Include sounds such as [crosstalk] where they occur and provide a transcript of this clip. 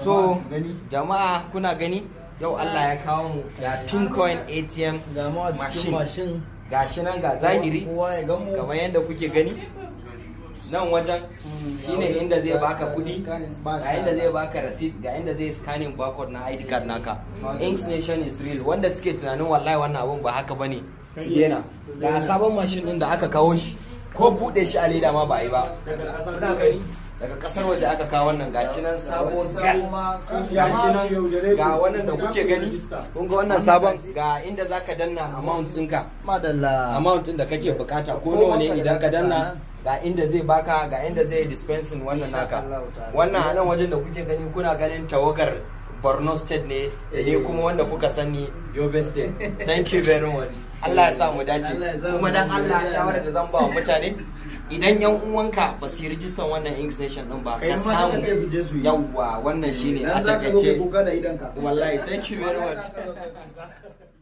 so jama'a kuna gani yau Allah ya kawo mu ga pincoin atm machine ga shi nan ga zahiri kamar yadda kuke gani nan wajen shine hmm, inda zai baka kudi ga inda zai baka receipt ga inda zai scanning barcode na id card naka inks nation is real wanda suke tunanin wallahi wannan abun ba haka bane yana ga sabon mashin din da aka kawo shi ko bude shi a leda ma ba yi ba daga kasar waje aka kawo wannan gashi nan sabo gashi nan ga wannan da kuke gani kun ga wannan sabon ga inda zaka danna amount ɗinka amount ɗin da kake bukata ko nawa ne idan ka danna ga inda zai baka ga inda zai dispensing wannan naka wannan a nan wajen da kuke gani kuna ganin tawagar borno state ne da ne eh. kuma wanda kuka sani yobe state [laughs] thank you very much allah ya sa mu dace kuma dan allah shawara da zan ba wa mutane idan yan uwanka ba su yi rijistan wannan English Nation din ba ka samu yawwa wannan shine a takaice wallahi thank you very much [laughs]